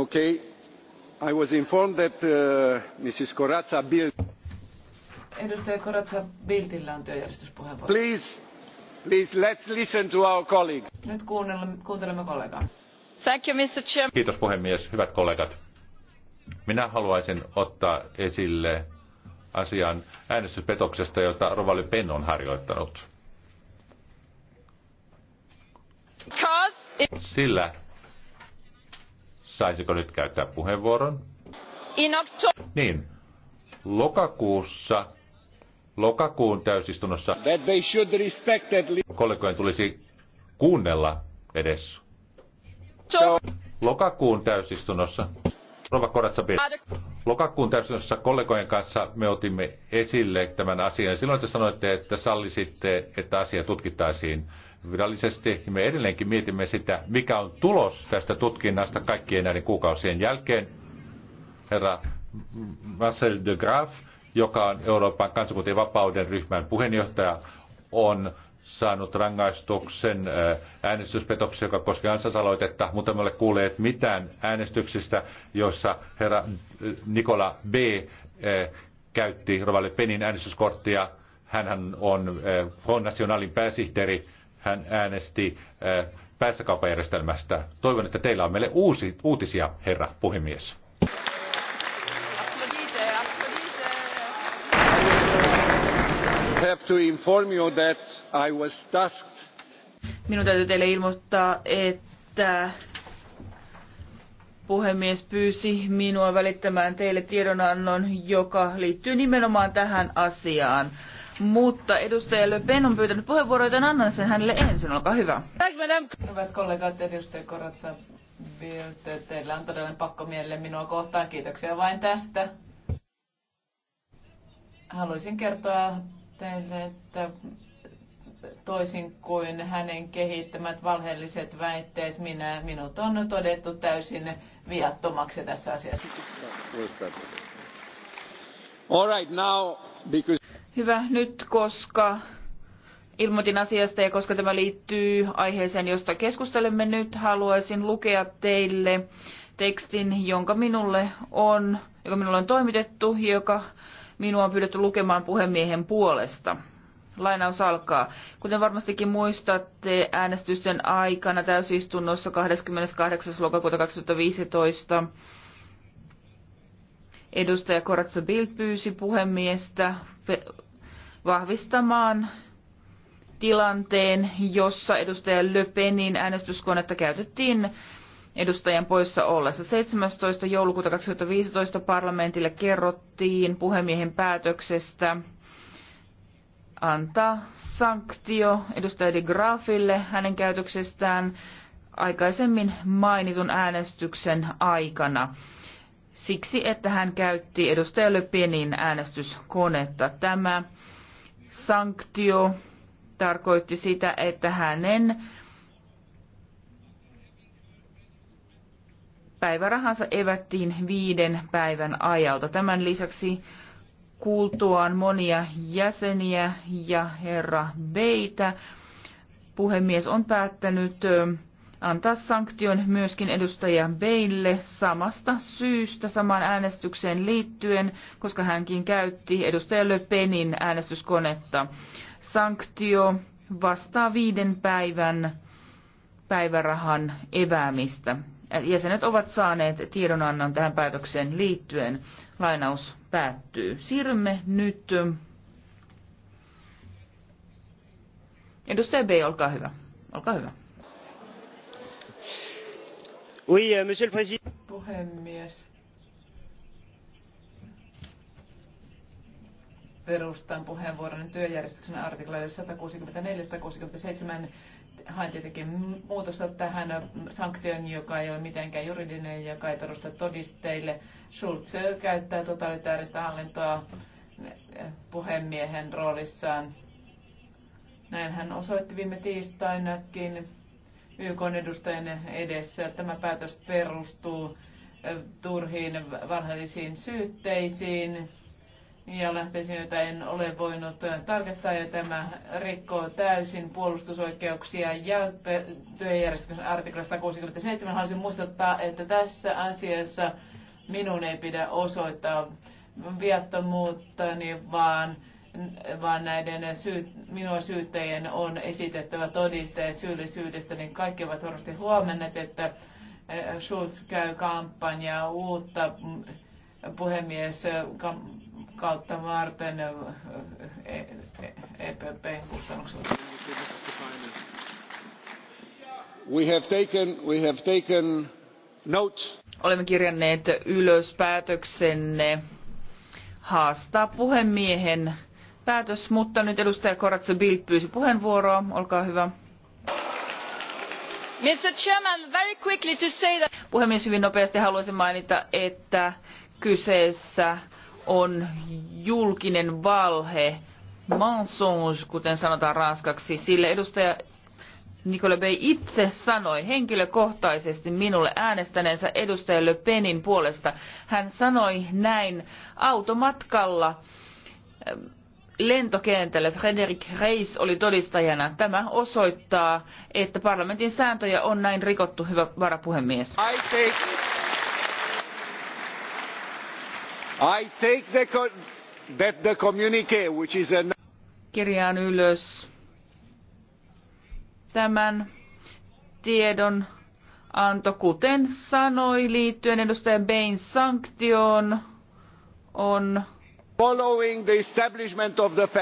Okay. I was informed that uh, Mrs. Corazza Bild. Edustaja Corazza Bildillä on työjärjestyspuheenvuoro. Please, please let's listen to our colleague. Nyt kuuntelemme kollegaa. Thank you, Mr. Chair. Kiitos puhemies, hyvät kollegat. Minä haluaisin ottaa esille asian äänestyspetoksesta, jota Rova Pen on harjoittanut. Sillä saisiko nyt käyttää puheenvuoron? In October. Niin, lokakuussa, lokakuun täysistunnossa That they should respect at least. kollegojen tulisi kuunnella edes. So. Lokakuun täysistunnossa. Rova Koratsa Lokakuun täysistunnossa kollegojen kanssa me otimme esille tämän asian. Silloin te sanoitte, että sallisitte, että asia tutkittaisiin virallisesti, niin me edelleenkin mietimme sitä, mikä on tulos tästä tutkinnasta kaikkien näiden kuukausien jälkeen. Herra Marcel de Graaf, joka on Euroopan kansakuntien vapauden ryhmän puheenjohtaja, on saanut rangaistuksen äänestyspetoksi, joka koski ansasaloitetta, mutta me ole kuulleet mitään äänestyksistä, joissa herra Nikola B. käytti Rovalle Penin äänestyskorttia. Hänhän on Front Nationalin pääsihteeri hän äänesti äh, päästökauppajärjestelmästä. Toivon, että teillä on meille uusi, uutisia, herra puhemies. Have to inform you that I was tasked. Minun täytyy teille ilmoittaa, että puhemies pyysi minua välittämään teille tiedonannon, joka liittyy nimenomaan tähän asiaan. Mutta edustaja Le Pen on pyytänyt puheenvuoroa, joten annan sen hänelle ensin. Olkaa hyvä. Hyvät kollegat, edustaja Koratsa teillä on todella pakko mielelle minua kohtaan. Kiitoksia vain tästä. Haluaisin kertoa teille, että toisin kuin hänen kehittämät valheelliset väitteet, minä, minut on todettu täysin viattomaksi tässä asiassa. All right, now, because hyvä nyt, koska ilmoitin asiasta ja koska tämä liittyy aiheeseen, josta keskustelemme nyt, haluaisin lukea teille tekstin, jonka minulle on, joka minulle on toimitettu ja joka minua on pyydetty lukemaan puhemiehen puolesta. Lainaus alkaa. Kuten varmastikin muistatte, äänestysten aikana täysistunnossa 28. lokakuuta 2015 Edustaja Koratsa Bild pyysi puhemiestä vahvistamaan tilanteen, jossa edustaja Le Penin äänestyskonetta käytettiin edustajan poissa ollessa. 17. joulukuuta 2015 parlamentille kerrottiin puhemiehen päätöksestä antaa sanktio edustaja de Graafille hänen käytöksestään aikaisemmin mainitun äänestyksen aikana siksi, että hän käytti edustajalle pienin äänestyskonetta. Tämä sanktio tarkoitti sitä, että hänen päivärahansa evättiin viiden päivän ajalta. Tämän lisäksi kuultuaan monia jäseniä ja herra Beitä, puhemies on päättänyt antaa sanktion myöskin edustaja Beille samasta syystä samaan äänestykseen liittyen, koska hänkin käytti edustaja Le Penin äänestyskonetta. Sanktio vastaa viiden päivän päivärahan eväämistä. Jäsenet ovat saaneet tiedonannon tähän päätökseen liittyen. Lainaus päättyy. Siirrymme nyt. Edustaja B, olkaa hyvä. Olkaa hyvä. Oui, euh, monsieur le président. Puhemies. Perustan puheenvuoron työjärjestyksen artikloille 164-167. Haen tietenkin muutosta tähän sanktioon, joka ei ole mitenkään juridinen, joka ei perusta todisteille. Schulz käyttää totalitaarista hallintoa puhemiehen roolissaan. Näin hän osoitti viime tiistainakin YK edustajien edessä. Tämä päätös perustuu eh, turhiin varhaisiin syytteisiin ja lähteisiin, joita en ole voinut eh, tarkastaa. ja tämä rikkoo täysin puolustusoikeuksia ja työjärjestyksen artiklasta 67. Haluaisin muistuttaa, että tässä asiassa minun ei pidä osoittaa viattomuuttani, niin vaan vaan näiden syyt, minua syyttäjien on esitettävä todisteet syyllisyydestä, niin kaikki ovat varmasti huomenneet, että eh, Schulz käy kampanjaa uutta mm, puhemies kautta varten EPPn eh, eh, e kustannuksella. We have taken, we have taken note. Olemme kirjanneet ylös päätöksenne haastaa puhemiehen päätös, mutta nyt edustaja Corazza Bildt pyysi puheenvuoroa. Olkaa hyvä. Mr. Chairman, very quickly to say that... Puhemies, hyvin nopeasti haluaisin mainita, että kyseessä on julkinen valhe, mensonge, kuten sanotaan ranskaksi, sillä edustaja Nicola Bay itse sanoi henkilökohtaisesti minulle äänestäneensä edustaja Le Penin puolesta. Hän sanoi näin automatkalla lentokentälle. Frederik Reis oli todistajana. Tämä osoittaa, että parlamentin sääntöjä on näin rikottu, hyvä varapuhemies. I take, I take the, that the communique, which is Kirjaan ylös tämän tiedon anto, kuten sanoi, liittyen edustaja Bain sanktioon on following the establishment of the